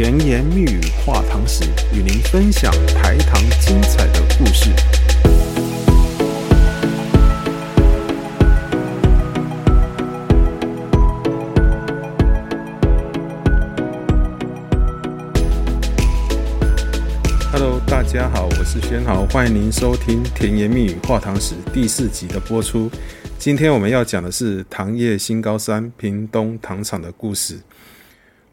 甜言蜜語話糖史，與您分享台糖精彩的故事。Hello，大家好，我是軒豪，歡迎您收聽《甜言蜜語話糖史》第四集的播出。今天我們要講的是糖業新高山屏東糖廠的故事。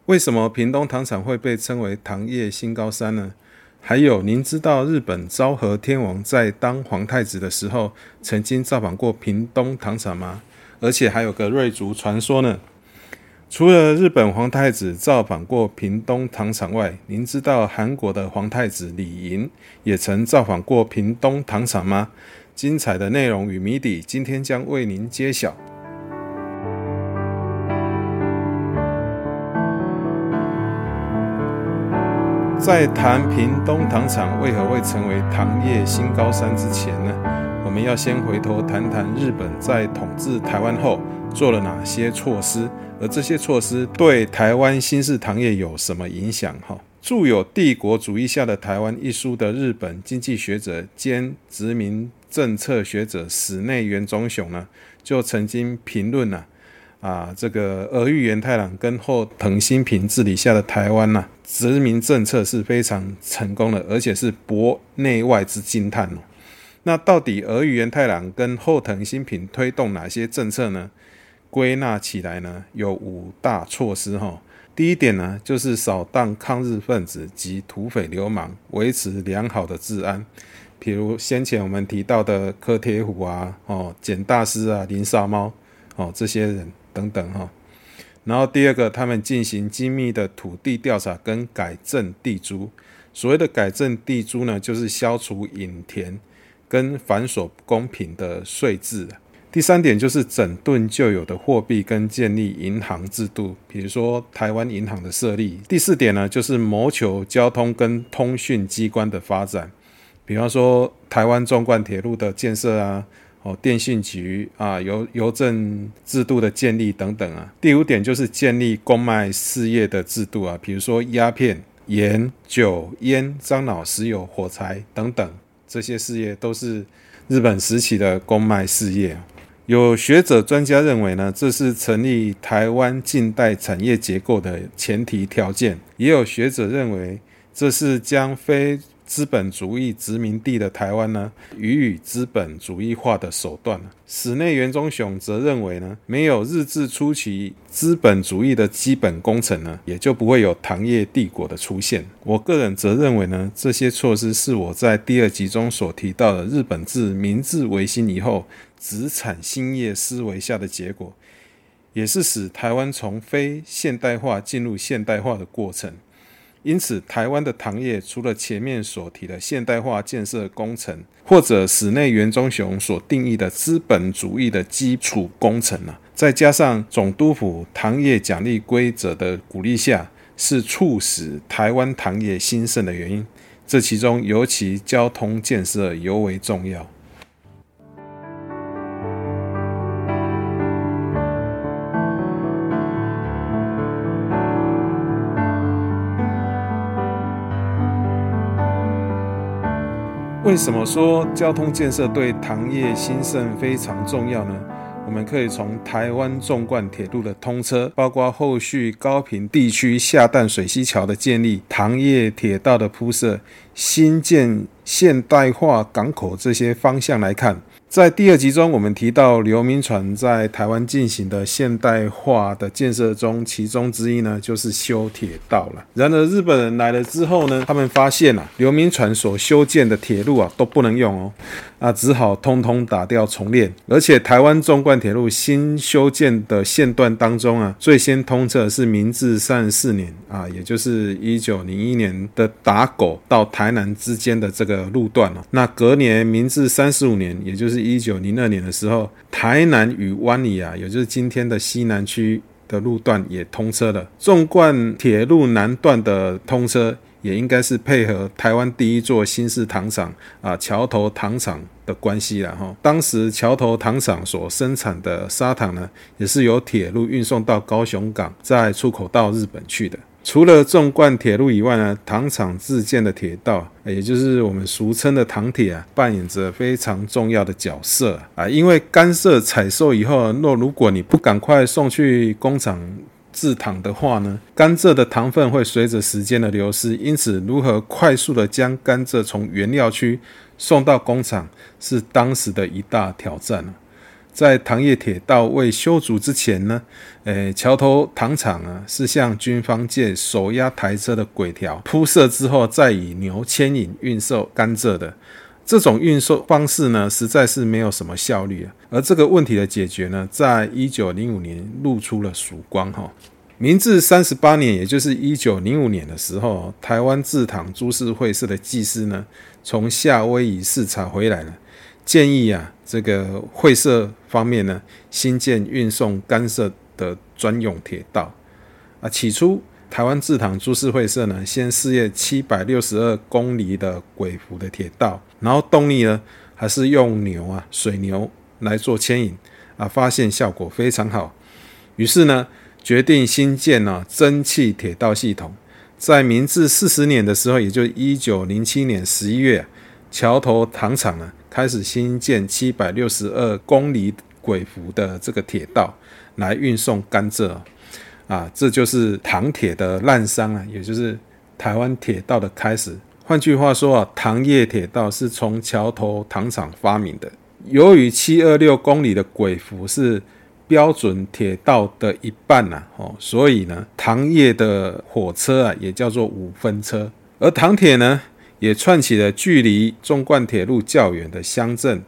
為什麼屏東糖廠會被稱為糖業新高山呢？還有，您知道日本昭和天王在當皇太子的時候，曾經造訪過屏東糖廠嗎？而且還有個瑞竹傳說呢。除了日本皇太子造訪過屏東糖廠外，您知道韓國的皇太子李垠也曾造訪過屏東糖廠嗎？精彩的內容與謎底，今天將為您揭曉。在談屏東糖廠為何會成為糖業新高山之前呢，我們要先回頭談談日本在統治台灣後做了哪些措施，而這些措施對台灣新式糖業有什麼影響？哈，著有《帝國主義下的台灣》一書的日本經濟學者兼殖民政策學者矢內原忠雄呢，就曾經評論呢、啊，啊，這個兒玉源太郎跟後藤新平治理下的台灣呢、啊。殖民政策是非常成功的，而且是博內外之驚嘆哦。那到底兒玉源太郎跟後藤新平推動哪些政策呢？歸納起來呢，有五大措施哈。第一點呢，就是掃蕩抗日分子及土匪流氓，維持良好的治安。比如先前我們提到的柯鐵虎啊、哦簡大獅啊、林少貓哦這些人等等哈。然後第二個，他們進行精密的土地調查跟改正地租。所謂的改正地租呢，就是消除隱田跟繁瑣不公平的稅制。第三點就是整頓舊有的貨幣跟建立銀行制度，比如說台灣銀行的設立。第四點呢，就是謀求交通跟通訊機關的發展，比方說台灣縱貫鐵路的建設啊。哦，電信局啊，郵郵政制度的建立等等啊，第五點就是建立公賣事業的制度啊，比如說鴉片、鹽、酒、菸、樟腦、石油、火柴等等這些事業都是日本時期的公賣事業。有學者專家認為呢，這是成立台灣近代產業結構的前提條件，也有學者認為這是將非資本主義殖民地的台灣呢，予以資本主義化的手段。矢內原忠雄則認為呢，沒有日治初期資本主義的基本工程呢，也就不會有糖業帝國的出現。我個人則認為呢，這些措施是我在第二集中所提到的日本自明治維新以後，殖產興業思維下的結果，也是使台灣從非現代化進入現代化的過程。因此，台灣的糖業除了前面所提的現代化建設工程，或者矢內原忠雄所定義的資本主義的基礎工程呢，再加上總督府糖業獎勵規則的鼓勵下，是促使台灣糖業興盛的原因。這其中尤其交通建設尤為重要。為什麼說交通建設對糖業興盛非常重要呢？我們可以從台灣縱貫鐵路的通車，包括後續高屏地區下淡水溪橋的建立、糖業鐵道的鋪設、新建現代化港口這些方向來看。在第二集中，我們提到劉銘傳在台灣進行的現代化的建設中，其中之一呢，就是修鐵道了。然而，日本人來了之後呢，他們發現啊，劉銘傳所修建的鐵路啊，都不能用哦。啊，只好通通打掉重練。而且台灣縱貫鐵路新修建的線段當中啊，最先通車是明治三十四年啊，也就是一九零一年的打狗到台南之間的這個路段。啊，那隔年明治三十五年，也就是一九零二年的時候，台南與灣里啊，也就是今天的西南區的路段也通車了。縱貫鐵路南段的通車也應該是配合台灣第一座新式糖廠啊，橋頭糖廠的關係了哈。當時橋頭糖廠所生產的砂糖呢，也是由鐵路運送到高雄港，再出口到日本去的。除了縱貫鐵路以外呢，糖廠自建的鐵道，也就是我們俗稱的糖鐵啊，扮演着非常重要的角色啊。因為甘蔗採收以後，若如果你不趕快送去工廠，製糖的話呢，甘蔗的糖分會隨着時間的流失，因此如何快速地將甘蔗從原料區送到工廠，是當時的一大挑戰。在糖業鐵道未修築之前呢，誒、欸，橋頭糖廠啊是向軍方借手押台車的軌條鋪設之後，再以牛牽引運送甘蔗的。這種運送方式呢，實在是沒有什麼效率，啊、而這個問題的解決呢，在一九零五年露出了曙光哈。明治三十八年，也就是一九零五年的時候，臺灣製糖株式會社的技師呢，從夏威夷視察回來了，建議啊，這個會社方面呢，新建運送甘蔗的專用鐵道。啊，起初臺灣製糖株式會社呢，先試驗七百六十二公里的軌幅的鐵道。然後動力呢，還是用牛啊，水牛來做牽引啊，發現效果非常好。於是呢，決定新建呢，啊，蒸汽鐵道系統。在明治四十年的時候，也就是一九零七年十一月，啊，橋頭糖廠呢，啊，開始新建七百六十二公里軌幅的這個鐵道，來運送甘蔗啊，這就是糖鐵的濫觴啊，也就是台灣鐵道的開始。換句話說啊，糖業鐵道是從橋頭糖廠發明的。由於七二六公里的軌幅是標準鐵道的一半啊哦，所以呢，糖業的火車啊也叫做五分車。而糖鐵呢，也串起了距離縱貫鐵路較遠的鄉鎮、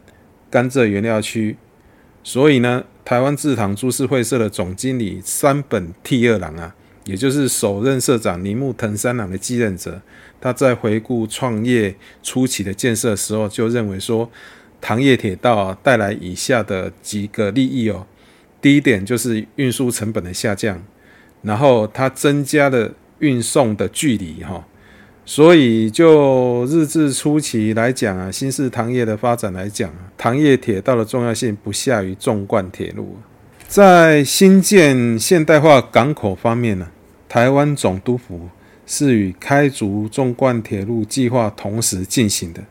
甘蔗原料區。所以呢，台灣製糖株式會社的總經理山本悌二郎啊，也就是首任社長鈴木藤三郎的繼任者。他在回顧創業初期的建設時候，就認為說，糖業鐵道帶來以下的幾個利益哦。第一點就是運輸成本的下降，然後它增加了運送的距離哈、哦。所以就日治初期來講啊，新式糖業的發展來講，糖業鐵道的重要性不下於縱貫鐵路。在新建現代化港口方面呢，台灣總督府。是與開築縱貫鐵路計劃同時進行的。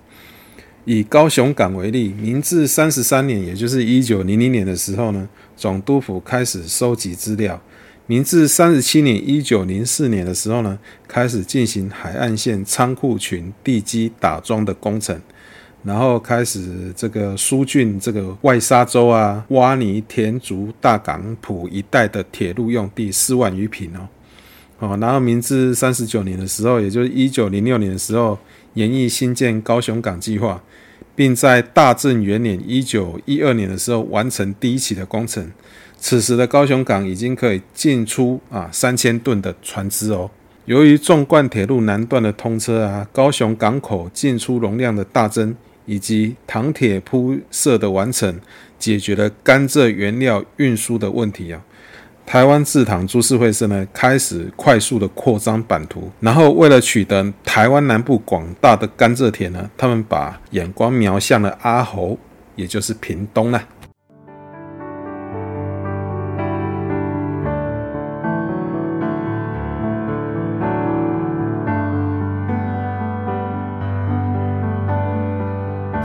以高雄港為例，明治三十三年，也就是一九零零年的時候呢，總督府開始收集資料。明治三十七年，一九零四年的時候呢，開始進行海岸線倉庫群地基打樁的工程，然後開始這個疏浚這個外沙洲啊，挖泥填築、大港埔一帶的鐵路用地四萬餘坪哦。好，然後明治三十九年的時候，也就是一九零六年的時候，研議新建高雄港計劃，並在大正元年（一九一二年）的時候完成第一期的工程。此時的高雄港已經可以進出啊三千噸的船隻哦。由於縱貫鐵路南段的通車啊，高雄港口進出容量的大增，以及糖鐵鋪設的完成，解決了甘蔗原料運輸的問題啊。台灣製糖株式會社呢，開始快速的擴張版圖，然後為了取得台灣南部廣大的甘蔗田呢，他們把眼光瞄向了阿緱，也就是屏東、啊、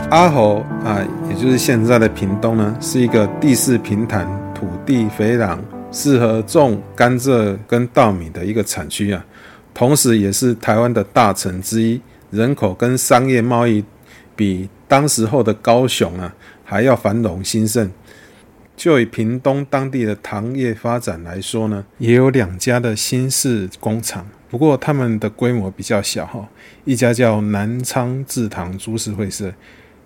阿緱啊，也就是現在的屏東呢，是一個地勢平坦、土地肥壤，適合種甘蔗跟稻米的一個產區啊，同時也是台灣的大城之一，人口跟商業貿易比當時候的高雄啊還要繁榮興盛。就以屏東當地的糖業發展來說呢，也有兩家的新式工廠，不過他們的規模比較小，哈，一家叫南昌製糖株式會社。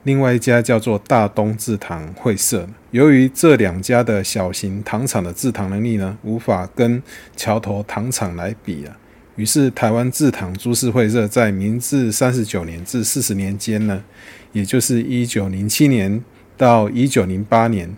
另外一家叫做大東製糖會社，由於這兩家的小型糖廠的製糖能力呢，無法跟橋頭糖廠來比啊，於是台灣製糖株式會社在明治三十九年至四十年間呢，也就是一九零七年到一九零八年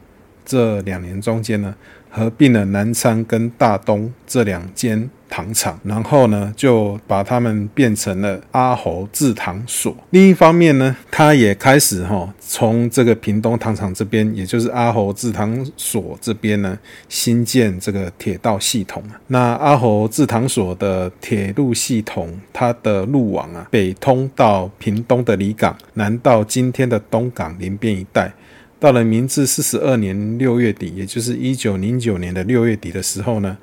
這兩年中間呢，合併了南昌跟大東這兩間。糖廠，然後呢，就把他們變成了阿猴製糖所。另一方面呢，他也開始哈從這個屏東糖廠這邊，也就是阿猴製糖所這邊呢，新建這個鐵道系統。那阿猴製糖所的鐵路系統，它的路網啊，北通到屏東的里港，南到今天的東港、林邊一帶。到了明治四十二年六月底，也就是一九零九年的六月底的時候呢，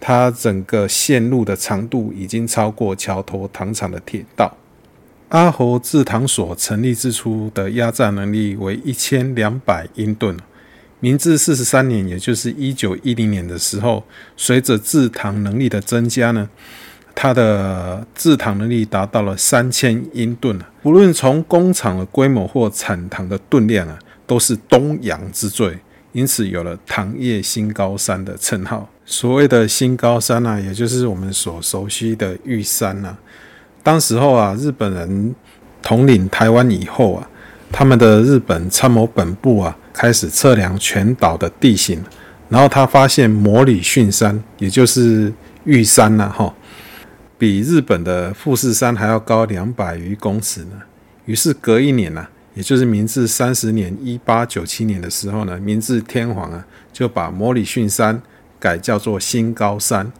它整個線路的長度已經超過橋頭糖廠的鐵道。阿緱製糖所成立之初的壓榨能力為一千兩百英噸。明治四十三年，也就是一九一零年的時候，隨着製糖能力的增加呢，它的製糖能力達到了三千英噸啊。不論從工廠的規模或產糖的噸量啊。都是東洋之最，因此有了“糖業新高山”的稱號。所謂的“新高山、啊”呢，也就是我們所熟悉的玉山呢、啊。當時候啊，日本人統領台灣以後啊，他們的日本參謀本部啊，開始測量全島的地形，然後他發現摩里遜山，也就是玉山哈、啊，比日本的富士山還要高兩百餘公尺呢。於是隔一年呢、啊。也就是明治三十年（一八九七年）的時候呢，明治天皇啊就把摩里遜山改叫做新高山，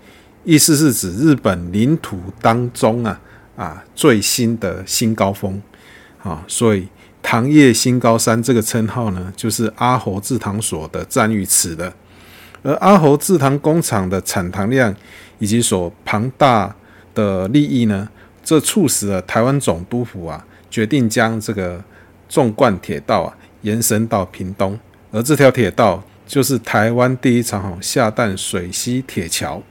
意思是指日本領土當中啊啊最新的新高峰。啊，所以糖業新高山這個稱號呢，就是阿緱製糖所的讚譽詞的。而阿緱製糖工廠的產糖量以及所龐大的利益呢，這促使了台灣總督府啊決定將這個。縱貫鐵道啊，延伸到屏東，而這條鐵道就是台灣第一長虹下淡水溪鐵橋。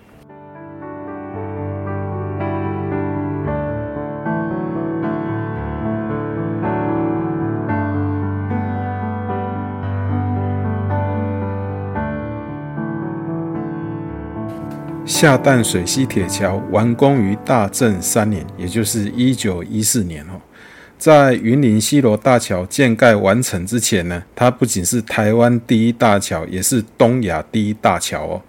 下淡水溪鐵橋完工於大正三年，也就是一九一四年在雲林西螺大橋建蓋完成之前呢，它不僅是台灣第一大橋，也是東亞第一大橋哦。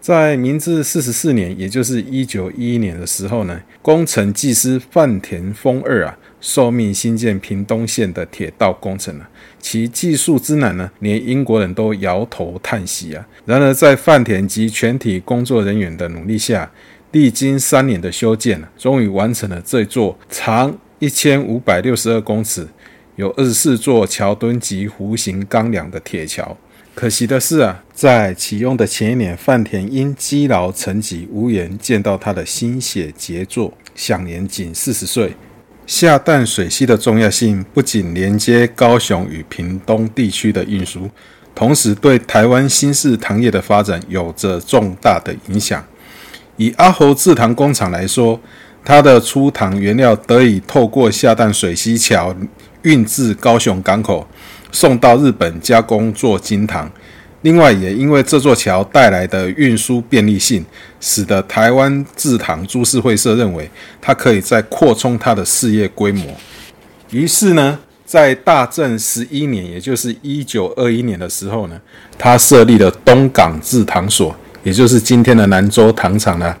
在明治四十四年，也就是一九一一年的時候呢，工程技師飯田豐二啊，受命新建屏東縣的鐵道工程啊，其技術之難呢，連英國人都搖頭嘆息啊。然而，在飯田及全體工作人員的努力下，歷經三年的修建，終於完成了這座長。一千五百六十二公尺，有二十四座橋墩及弧形鋼梁的鐵橋。可惜的是啊，在啟用的前一年，范田因積勞成疾，無緣見到他的心血傑作，享年僅四十歲。下淡水溪的重要性不僅連接高雄與屏東地區的運輸，同時對台灣新式糖業的發展有着重大的影響。以阿猴製糖工廠來說。它的出糖原料得以透過下淡水溪橋運至高雄港口，送到日本加工做精糖。另外，也因為這座橋帶來的運輸便利性，使得台灣製糖株式會社認為它可以再擴充它的事業規模。於是呢，在大正十一年，也就是一九二一年的時候呢，它設立了東港製糖所，也就是今天的南州糖廠呢。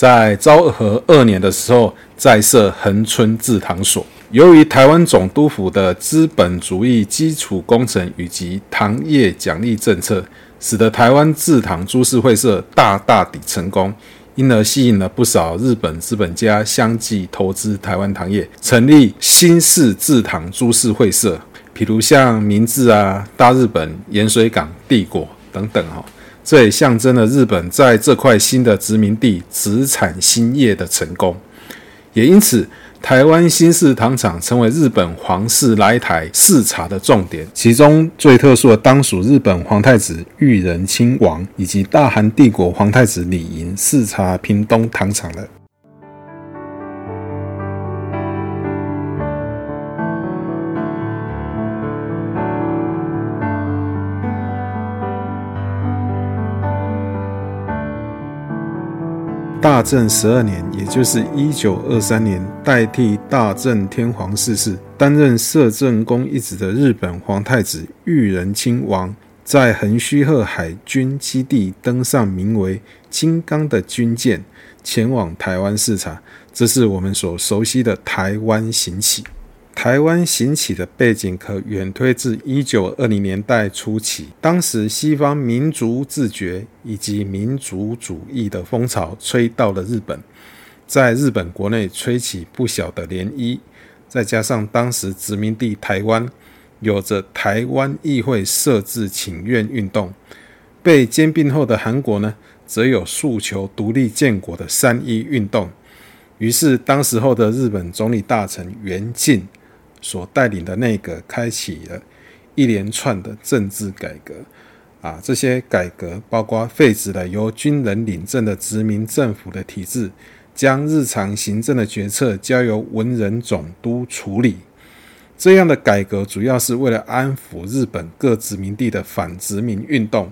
在昭和二年的時候，再設恆春製糖所。由於臺灣總督府的資本主義基礎工程以及糖業獎勵政策，使得臺灣製糖株式會社大大地成功，因而吸引了不少日本資本家相繼投資臺灣糖業，成立新式製糖株式會社，譬如像明治啊、大日本、鹽水港、帝國等等，哈。這也象徵了日本在這塊新的殖民地殖產興業的成功，也因此，台灣新式糖廠成為日本皇室來台視察的重點。其中最特殊的，當屬日本皇太子裕仁親王以及大韓帝國皇太子李垠視察屏東糖廠了。大正十二年，也就是一九二三年，代替大正天皇逝世、擔任攝政宮一職的日本皇太子裕仁親王，在橫須賀海軍基地登上名為“金剛”的軍艦，前往台灣視察。這是我們所熟悉的台灣行啟。臺灣行啟的背景可遠推至一九二零年代初期，當時西方民族自覺以及民族主義的風潮吹到了日本，在日本國內吹起不小的漣漪。再加上當時殖民地台灣有着台灣議會設置請願運動，被兼併後的韓國呢，則有訴求獨立建國的三一運動。於是，當時候的日本總理大臣原敬，所帶領的內閣開啟了一連串的政治改革，啊，這些改革包括廢止了由軍人領政的殖民政府的體制，將日常行政的決策交由文人總督處理。這樣的改革主要是為了安撫日本各殖民地的反殖民運動，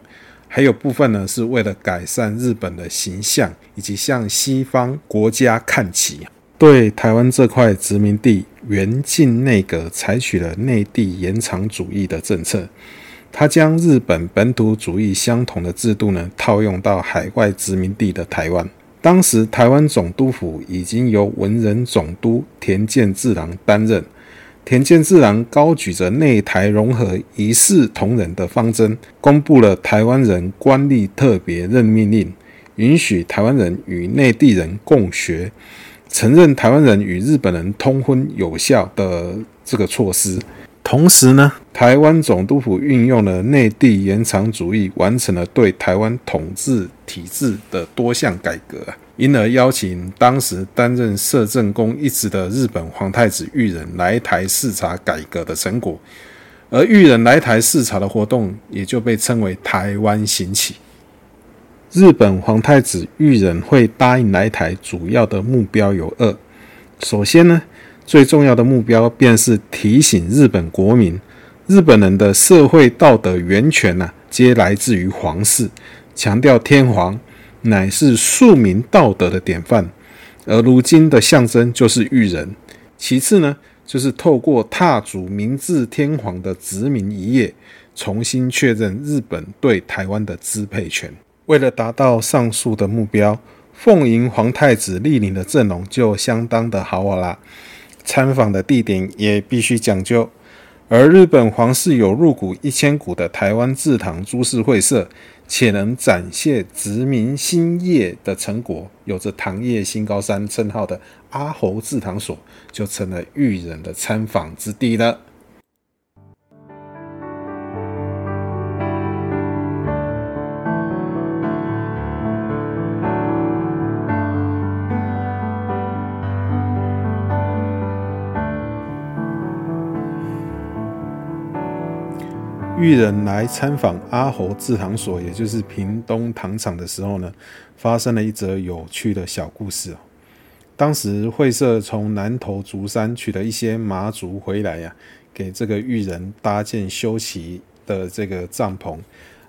還有部分呢，是為了改善日本的形象，以及向西方國家看齊。對台灣這塊殖民地。原敬內閣採取了內地延長主義的政策，他將日本本土主義相同的制度呢套用到海外殖民地的台灣。當時台灣總督府已經由文人總督田健治郎擔任，田健治郎高舉着內台融合、一視同仁的方針，公布了台灣人官吏特別任命令，允許台灣人與內地人共學。承認台灣人與日本人通婚有效的這個措施，同時呢，台灣總督府運用了內地延長主義，完成了對台灣統治體制的多項改革，因而邀請當時擔任攝政宮一職的日本皇太子裕仁來台視察改革的成果，而裕仁來台視察的活動也就被稱為台灣行啟。日本皇太子裕仁會答應來台，主要的目標有二。首先呢，最重要的目標便是提醒日本國民，日本人的社會道德源泉吶、啊，皆來自於皇室，強調天皇乃是庶民道德的典範，而如今的象徵就是裕仁。其次呢，就是透過踏足明治天皇的殖民一夜，重新確認日本對台灣的支配權。為了達到上述的目標，奉迎皇太子蒞臨的陣容就相當的豪華，啊、啦。參訪的地點也必須講究，而日本皇室有入股一千股的台灣製糖株式會社，且能展現殖民興業的成果，有着“糖業新高山”稱號的阿緱製糖所，就成了裕仁的參訪之地了。裕仁來參訪阿緱製糖所，也就是屏東糖廠的時候呢，發生了一則有趣的小故事哦。當時會社從南投竹山取了一些麻竹回來呀，給這個裕仁搭建休憩的這個帳篷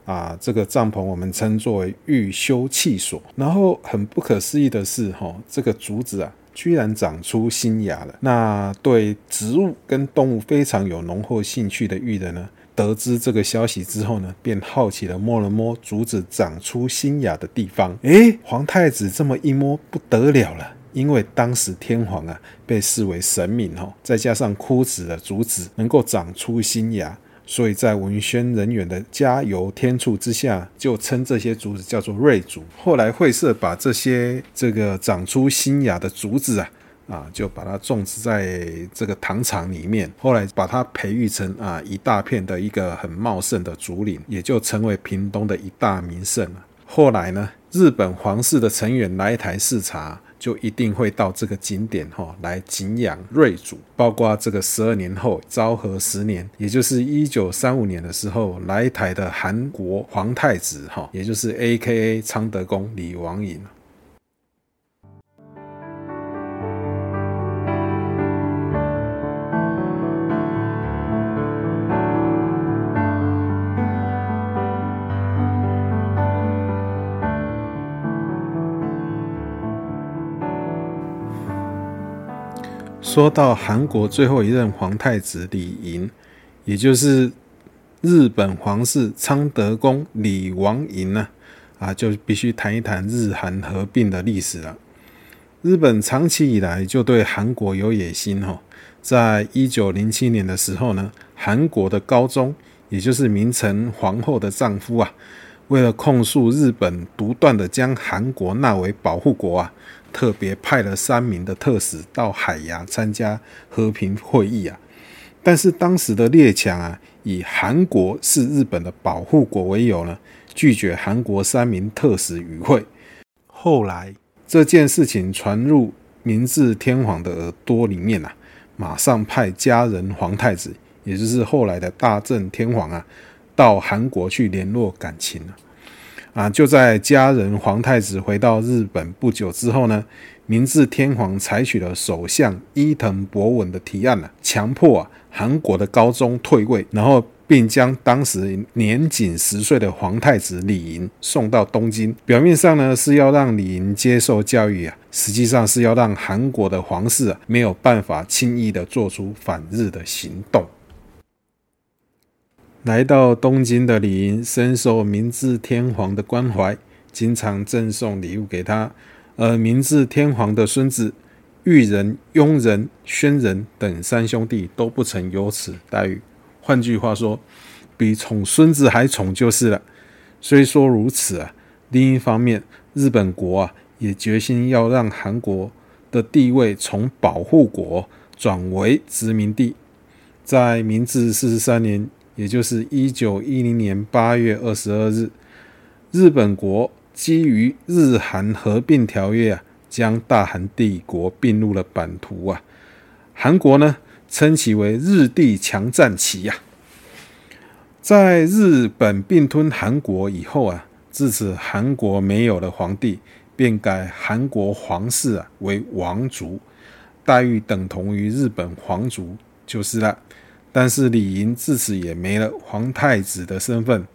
啊。這個帳篷我們稱作為御休憩所。然後很不可思議的是，哈，這個竹子啊，居然長出新芽了。那對植物跟動物非常有濃厚興趣的裕仁呢，得知這個消息之後呢，便好奇地摸了摸竹子長出新芽的地方。誒，皇太子這麼一摸，不得了了，因為當時天皇啊被視為神明哦，再加上枯死的竹子能夠長出新芽，所以在文宣人員的加油添醋之下，就稱這些竹子叫做瑞竹。後來會社把這些這個長出新芽的竹子啊。啊，就把它種植在這個糖廠裡面，後來把它培育成啊一大片的一個很茂盛的竹林，也就成為屏東的一大名勝了。後來呢，日本皇室的成員來台視察，就一定會到這個景點哈、哦、來景仰瑞竹，包括這個十二年後昭和十年，也就是一九三五年的時候來台的韓國皇太子哈、哦，也就是 AKA 昌德宮李王垠。說到韓國最後一任皇太子李垠，也就是日本皇室昌德宮李王垠呢，啊，就必須談一談日韓合併的歷史了。日本長期以來就對韓國有野心哦。在一九零七年的時候呢，韓國的高宗，也就是明成皇後的丈夫啊，為了控訴日本獨斷的將韓國納為保護國啊。特別派了三名的特使到海牙參加和平會議啊，但是當時的列強啊，以韓國是日本的保護國為由呢，拒絕韓國三名特使與會。後來這件事情傳入明治天皇的耳朵裡面吶，啊，馬上派家人皇太子，也就是後來的大正天皇啊，到韓國去聯絡感情，啊啊，就在家人皇太子回到日本不久之後呢，明治天皇採取了首相伊藤博文的提案了啊，強迫啊韓國的高宗退位，然後並將當時年僅十歲的皇太子李垠送到東京。表面上呢是要讓李垠接受教育啊，實際上是要讓韓國的皇室啊沒有辦法輕易的做出反日的行動。來到東京的李瑩深受明治天皇的關懷，經常贈送禮物給他。而明治天皇的孫子裕仁、雍仁、宣仁等三兄弟都不曾有此待遇。換句話說，比寵孫子還寵就是了。雖說如此啊，另一方面，日本國啊也決心要讓韓國的地位從保護國轉為殖民地。在明治四十三年，也就是一九一零年八月二十二日，日本國基於日韓合併條約啊，將大韓帝國併入了版圖啊。韓國呢，稱其為日帝強占期呀、啊。在日本併吞韓國以後啊，自此韓國沒有了皇帝，便改韓國皇室啊為王族，待遇等同於日本皇族就是了。但是李垠自此也沒了皇太子的身份。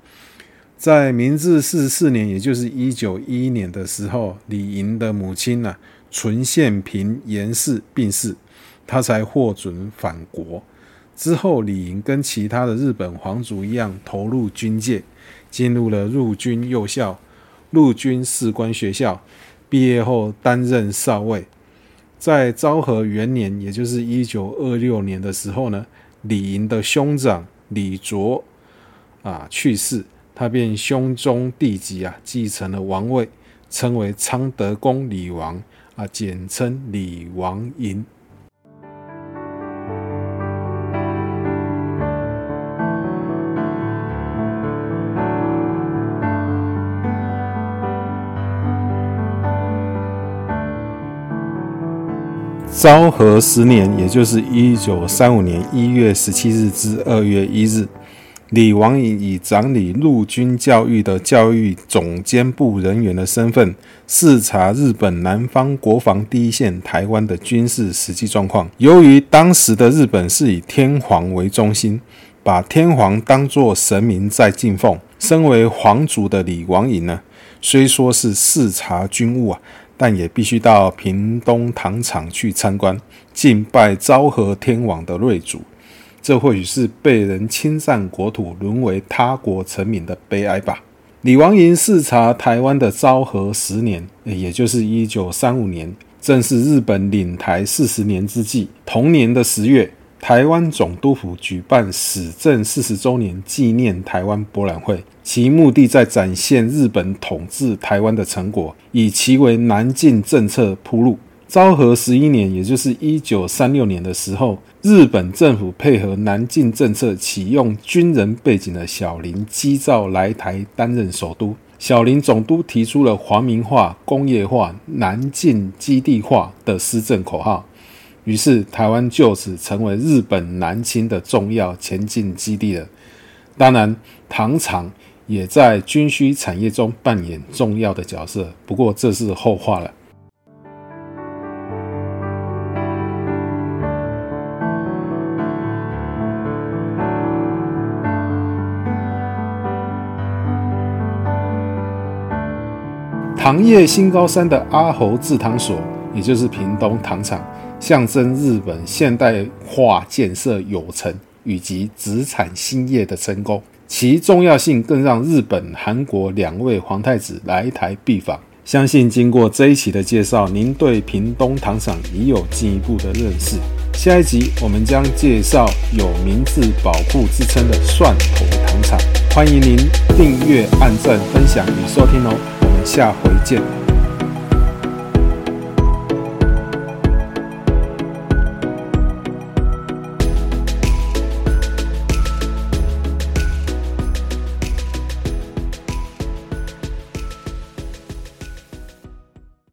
在明治四十四年，也就是一九一一年的時候，李垠的母親呢、啊、純獻平嚴氏病逝，他才獲准返國。之後，李垠跟其他的日本皇族一樣，投入軍界，進入了陸軍幼校、陸軍士官學校，畢業後擔任少尉。在昭和元年，也就是一九二六年的時候呢。李垠的兄長李卓啊去世，他便兄終弟及啊繼承了王位，稱為昌德宮李王啊，簡稱李王垠。昭和十年，也就是一九三五年一月十七日至二月一日，李王垠以掌理陸軍教育的教育總監部人員的身份，視察日本南方國防第一線台灣的軍事實際狀況。由於當時的日本是以天皇為中心，把天皇當作神明在敬奉，身為皇族的李王垠呢，雖說是視察軍務啊。但也必須到屏東糖廠去參觀，敬拜昭和天皇的瑞竹。這或許是被人侵占國土、淪為他國臣民的悲哀吧。李王垠視察台灣的昭和十年，也就是一九三五年，正是日本領台四十年之際。同年的十月。臺灣總督府舉辦始政四十週年紀念臺灣博覽會，其目的在展現日本統治臺灣的成果，以期為南進政策鋪路。昭和十一年，也就是一九三六年的時候，日本政府配合南進政策，啟用軍人背景的小林躋造來臺擔任首都小林總督，提出了“皇民化、工業化、南進基地化”的施政口號。於是，台灣就此成為日本南侵的重要前進基地了。當然，糖廠也在軍需產業中扮演重要的角色，不過這是後話了。糖業新高山的阿緱製糖所，也就是屏東糖廠。象徵日本現代化建設有成以及殖產興業的成功，其重要性更讓日本、韓國兩位皇太子來台必訪。相信經過這一期的介紹，您對屏東糖廠已有進一步的認識。下一集我們將介紹有“明治寶庫”之稱的蒜頭糖廠，歡迎您訂閱、按讚、分享與收聽哦。我們下回見。